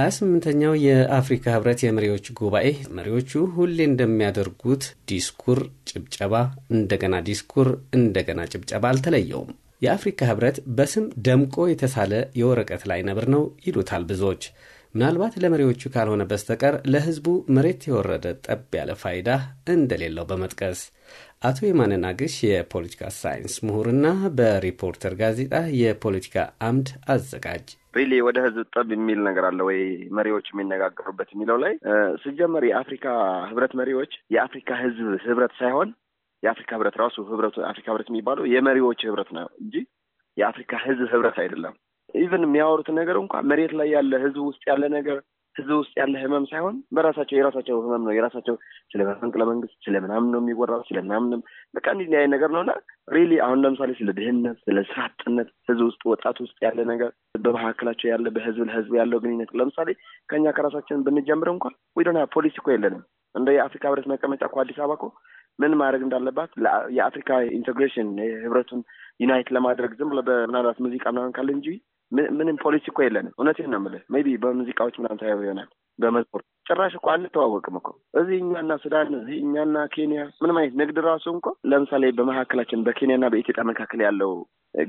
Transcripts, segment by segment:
ሀያ ስምንተኛው የአፍሪካ ህብረት የመሪዎች ጉባኤ መሪዎቹ ሁሌ እንደሚያደርጉት ዲስኩር፣ ጭብጨባ፣ እንደገና ዲስኩር፣ እንደገና ጭብጨባ አልተለየውም። የአፍሪካ ህብረት በስም ደምቆ የተሳለ የወረቀት ላይ ነብር ነው ይሉታል ብዙዎች። ምናልባት ለመሪዎቹ ካልሆነ በስተቀር ለህዝቡ መሬት የወረደ ጠብ ያለ ፋይዳ እንደሌለው በመጥቀስ አቶ የማነ ናግሽ የፖለቲካ ሳይንስ ምሁርና በሪፖርተር ጋዜጣ የፖለቲካ አምድ አዘጋጅ ሪሊ ወደ ህዝብ ጠብ የሚል ነገር አለ ወይ መሪዎች የሚነጋገሩበት የሚለው ላይ ስጀመር የአፍሪካ ህብረት መሪዎች የአፍሪካ ህዝብ ህብረት ሳይሆን የአፍሪካ ህብረት ራሱ ህብረቱ አፍሪካ ህብረት የሚባለው የመሪዎች ህብረት ነው እንጂ የአፍሪካ ህዝብ ህብረት አይደለም። ኢቨን የሚያወሩት ነገር እንኳ መሬት ላይ ያለ ህዝብ ውስጥ ያለ ነገር ህዝብ ውስጥ ያለ ህመም ሳይሆን በራሳቸው የራሳቸው ህመም ነው። የራሳቸው ስለ መፈንቅለ መንግስት ስለ ምናምን ነው የሚወራው ስለ ምናምንም በቃ እንዲ ያይ ነገር ነው እና ሪሊ አሁን ለምሳሌ ስለ ድህነት፣ ስለ ስራጥነት ህዝብ ውስጥ ወጣት ውስጥ ያለ ነገር በመካከላቸው ያለ በህዝብ ለህዝብ ያለው ግንኙነት ለምሳሌ ከኛ ከራሳችን ብንጀምር እንኳን ዊዶና ፖሊሲ እኮ የለንም እንደ የአፍሪካ ህብረት መቀመጫ እኮ አዲስ አበባ እኮ ምን ማድረግ እንዳለባት የአፍሪካ ኢንቴግሬሽን ህብረቱን ዩናይት ለማድረግ ዝም ብሎ በምናልባት ሙዚቃ ምናምን ካለ እንጂ ምንም ፖሊሲ እኮ የለንም። እውነቴን ነው የምልህ። ሜይ ቢ በሙዚቃዎች ምናምን ታየው ይሆናል በመዝሙር ጭራሽ እኮ አንተዋወቅም እኮ እዚህ እኛና ሱዳን እዚህ እኛና ኬንያ ምንም አይነት ንግድ ራሱ እንኳ ለምሳሌ በመካከላችን በኬንያና በኢትዮጵያ መካከል ያለው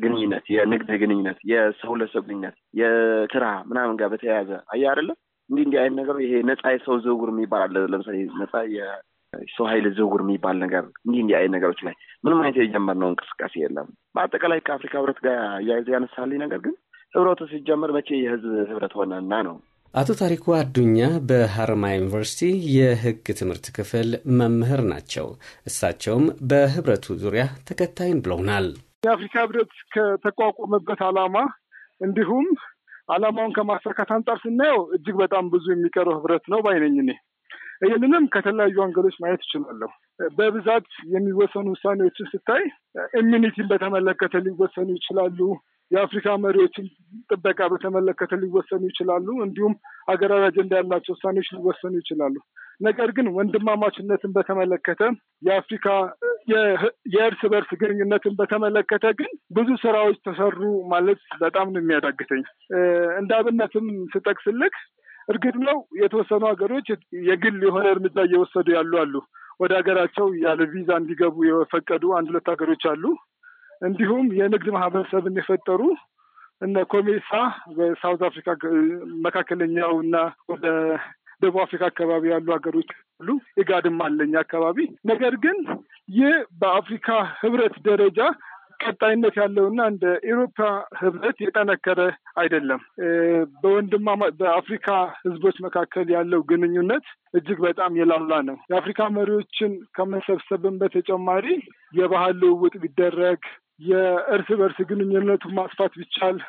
ግንኙነት የንግድ ግንኙነት፣ የሰው ለሰው ግንኙነት፣ የስራ ምናምን ጋር በተያያዘ አየህ አይደለ እንዲህ እንዲህ አይነት ነገር ይሄ ነጻ የሰው ዝውውር የሚባል አለ። ለምሳሌ ነጻ የሰው ሀይል ዝውውር የሚባል ነገር እንዲህ እንዲህ አይነት ነገሮች ላይ ምንም አይነት የጀመርነው እንቅስቃሴ የለም። በአጠቃላይ ከአፍሪካ ህብረት ጋር ያያይዘ ያነሳልኝ ነገር ግን ህብረቱ ሲጀመር መቼ የህዝብ ህብረት ሆነና ነው። አቶ ታሪኩ አዱኛ በሀረማያ ዩኒቨርሲቲ የህግ ትምህርት ክፍል መምህር ናቸው። እሳቸውም በህብረቱ ዙሪያ ተከታይን ብለውናል። የአፍሪካ ህብረት ከተቋቋመበት ዓላማ እንዲሁም አላማውን ከማሳካት አንጻር ስናየው እጅግ በጣም ብዙ የሚቀረው ህብረት ነው ባይነኝ እኔ ይህንንም ከተለያዩ አንገሎች ማየት ይችላለሁ። በብዛት የሚወሰኑ ውሳኔዎችን ስታይ ኢሚኒቲን በተመለከተ ሊወሰኑ ይችላሉ። የአፍሪካ መሪዎችን ጥበቃ በተመለከተ ሊወሰኑ ይችላሉ። እንዲሁም ሀገራዊ አጀንዳ ያላቸው ውሳኔዎች ሊወሰኑ ይችላሉ። ነገር ግን ወንድማማችነትን በተመለከተ የአፍሪካ የእርስ በርስ ግንኙነትን በተመለከተ ግን ብዙ ስራዎች ተሰሩ ማለት በጣም ነው የሚያዳግተኝ። እንደ አብነትም ስጠቅስልክ እርግጥ ነው የተወሰኑ ሀገሮች የግል የሆነ እርምጃ እየወሰዱ ያሉ አሉ። ወደ ሀገራቸው ያለ ቪዛ እንዲገቡ የፈቀዱ አንድ ሁለት ሀገሮች አሉ። እንዲሁም የንግድ ማህበረሰብን የፈጠሩ እነ ኮሜሳ በሳውዝ አፍሪካ መካከለኛው እና ወደ ደቡብ አፍሪካ አካባቢ ያሉ ሀገሮች አሉ። ኢጋድም አለኝ አካባቢ ነገር ግን ይህ በአፍሪካ ህብረት ደረጃ ቀጣይነት ያለውና እንደ ኤሮፓ ህብረት የጠነከረ አይደለም። በወንድማ በአፍሪካ ህዝቦች መካከል ያለው ግንኙነት እጅግ በጣም የላላ ነው። የአፍሪካ መሪዎችን ከመሰብሰብን በተጨማሪ የባህል ልውውጥ ቢደረግ፣ የእርስ በርስ ግንኙነቱን ማስፋት ቢቻል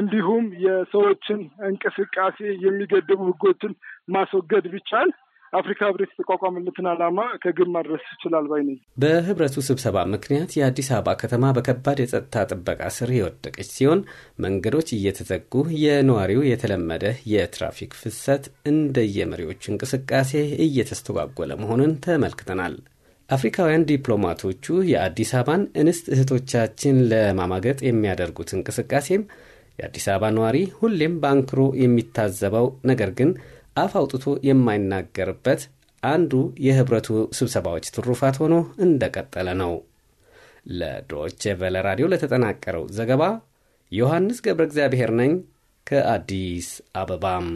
እንዲሁም የሰዎችን እንቅስቃሴ የሚገድቡ ህጎችን ማስወገድ ቢቻል አፍሪካ ህብረት የተቋቋመለትን ዓላማ ከግብ ማድረስ ይችላል ባይ ነኝ። በህብረቱ ስብሰባ ምክንያት የአዲስ አበባ ከተማ በከባድ የጸጥታ ጥበቃ ስር የወደቀች ሲሆን መንገዶች እየተዘጉ የነዋሪው የተለመደ የትራፊክ ፍሰት እንደየመሪዎቹ እንቅስቃሴ እየተስተጓጎለ መሆኑን ተመልክተናል። አፍሪካውያን ዲፕሎማቶቹ የአዲስ አበባን እንስት እህቶቻችን ለማማገጥ የሚያደርጉት እንቅስቃሴም የአዲስ አበባ ነዋሪ ሁሌም በአንክሮ የሚታዘበው ነገር ግን አፍ አውጥቶ የማይናገርበት አንዱ የህብረቱ ስብሰባዎች ትሩፋት ሆኖ እንደቀጠለ ነው። ለዶቼ ቬለ ራዲዮ ለተጠናቀረው ዘገባ ዮሐንስ ገብረ እግዚአብሔር ነኝ ከአዲስ አበባም